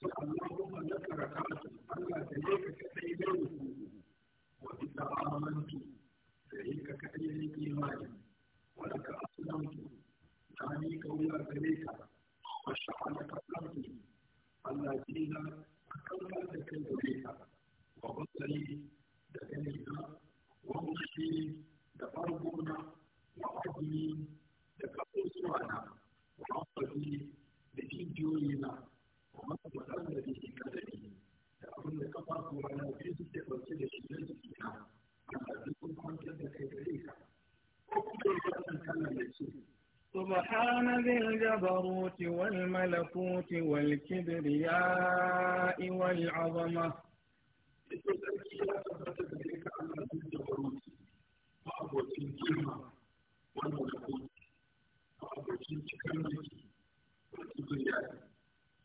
اللهم لك ركعت الله كليك كأيديه وبك آمنت كليك كأيديك إيماني ولك أسلمت عنيك ولا كليك وشعلك أسلمت الله دينا أكملت كليك وبصري دكنيك ومشي دفرقنا وعظمي دكتور سوانا وعصبي بجيب جوينا amma da ke kadari da abin da kafafuwa na biyu suke ɗauke da shi na jikina Allah duk kun da ko kuma ya ya سبحان ذي الجبروت والملكوت والكبرياء والعظمة والملكوت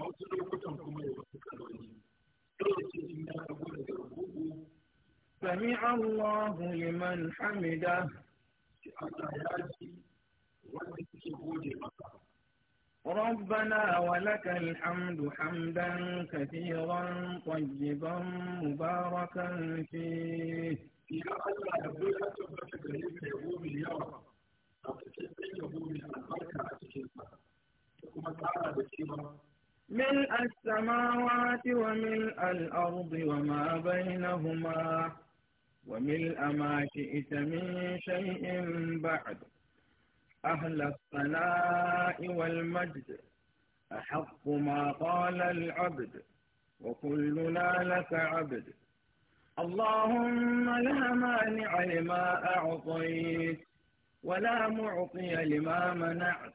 a wasu lokutan kuma ya wasu kaloli sai ce in ya rabu daga rubutu sami Allahu liman hamida sai Allah ya ji wanda suke gode masa ربنا ولك الحمد حمدا كثيرا طيبا مباركا فيه ملء السماوات وملء الأرض وما بينهما وملء ما شئت من شيء بعد أهل الصلاة والمجد أحق ما قال العبد وكلنا لك عبد اللهم لا مانع لما أعطيت ولا معطي لما منعت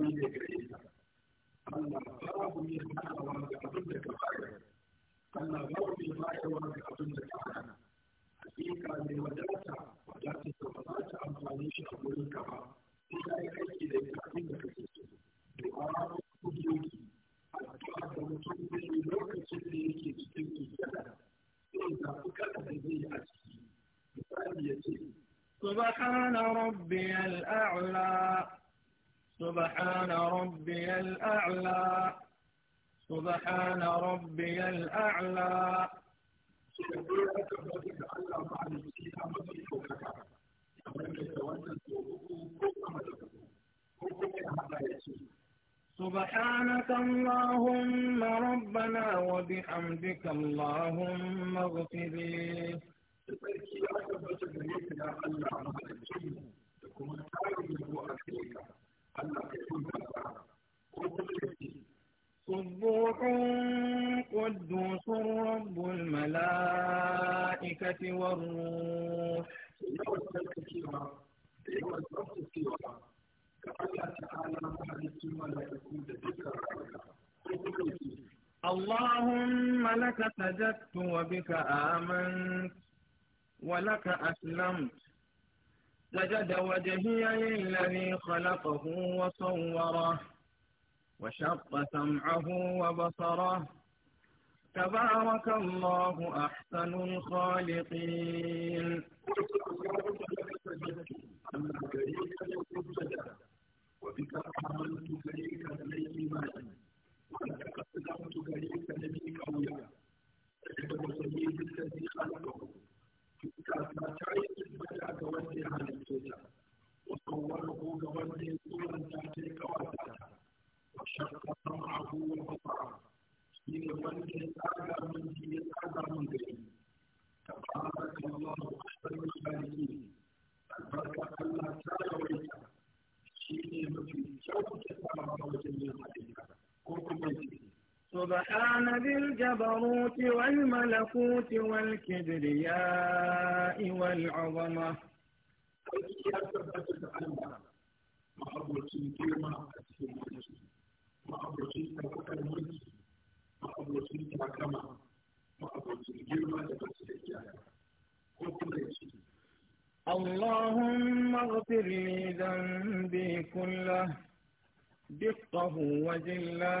amfani ne gare ta Allah babu mai hanawa ga abin da ka bayar Allah babu mai bayarwa ga abin da ka hana hakika mai wadata سبحان ربي الأعلى سبحان ربي الأعلى سبحانك اللهم ربنا وبحمدك اللهم اغفر لي اللهم لك سجدت وبك آمنت ولك أسلمت سجد وجهي للذي خلقه وصوره وشق سمعه وبصره تبارك الله أحسن الخالقين Thank الآن بالجبروت والملكوت والكبرياء والعظمة اللهم اغفر لي ذنبي كله دقه وجله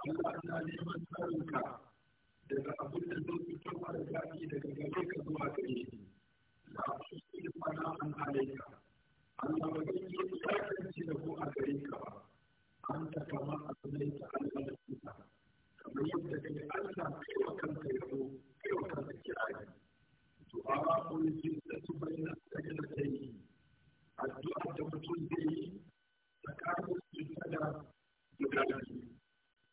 Allah na neman tsarinka daga abin da zai fito a da zafi daga gare ka zuwa gare shi la tusil fana an alaika Allah ba zai yi iyakance da ko a gare ka ba an ta kama a sunai ta Allah da kusa kamar yadda kai Allah kai wa kanka yabo kai wa kanka kirari to a kun ji da su na kaje da kai addu'a da mutum zai yi tsakanin sujjada da gari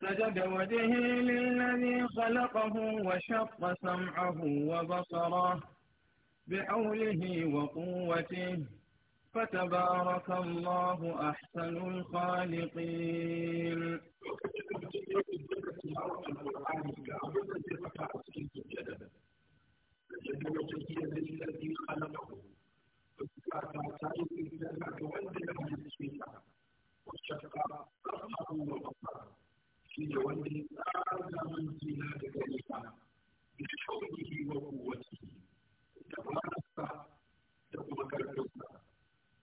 سجد وجهه للذي خلقه وشق سمعه وبصره بحوله وقوته فتبارك الله أحسن الخالقين جنة هي الذي خلقه فكاتاتان في الجنة وندل أهل السفينة وشق رفعه وبصره في وندل أعلى منزلة كلمة بحوله وقوته تبارك تبارك الكفر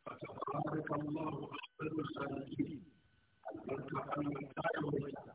فتبارك الله أحسن الخالقين البركة أن يتعلم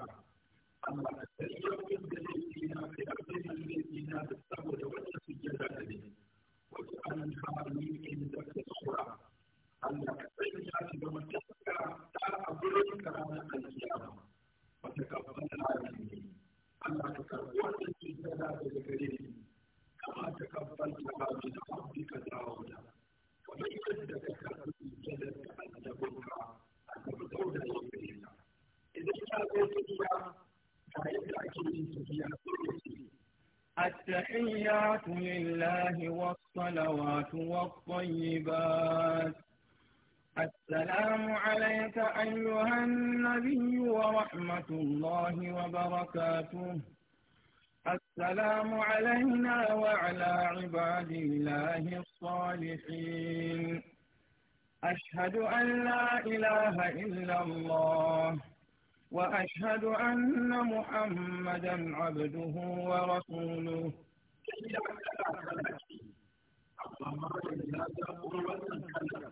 التحيات لله والصلوات والطيبات السلام عليك أيها النبي ورحمة الله وبركاته السلام علينا وعلى عباد الله الصالحين أشهد أن لا إله إلا الله وأشهد أن محمدا عبده ورسوله اللهم صل على محمد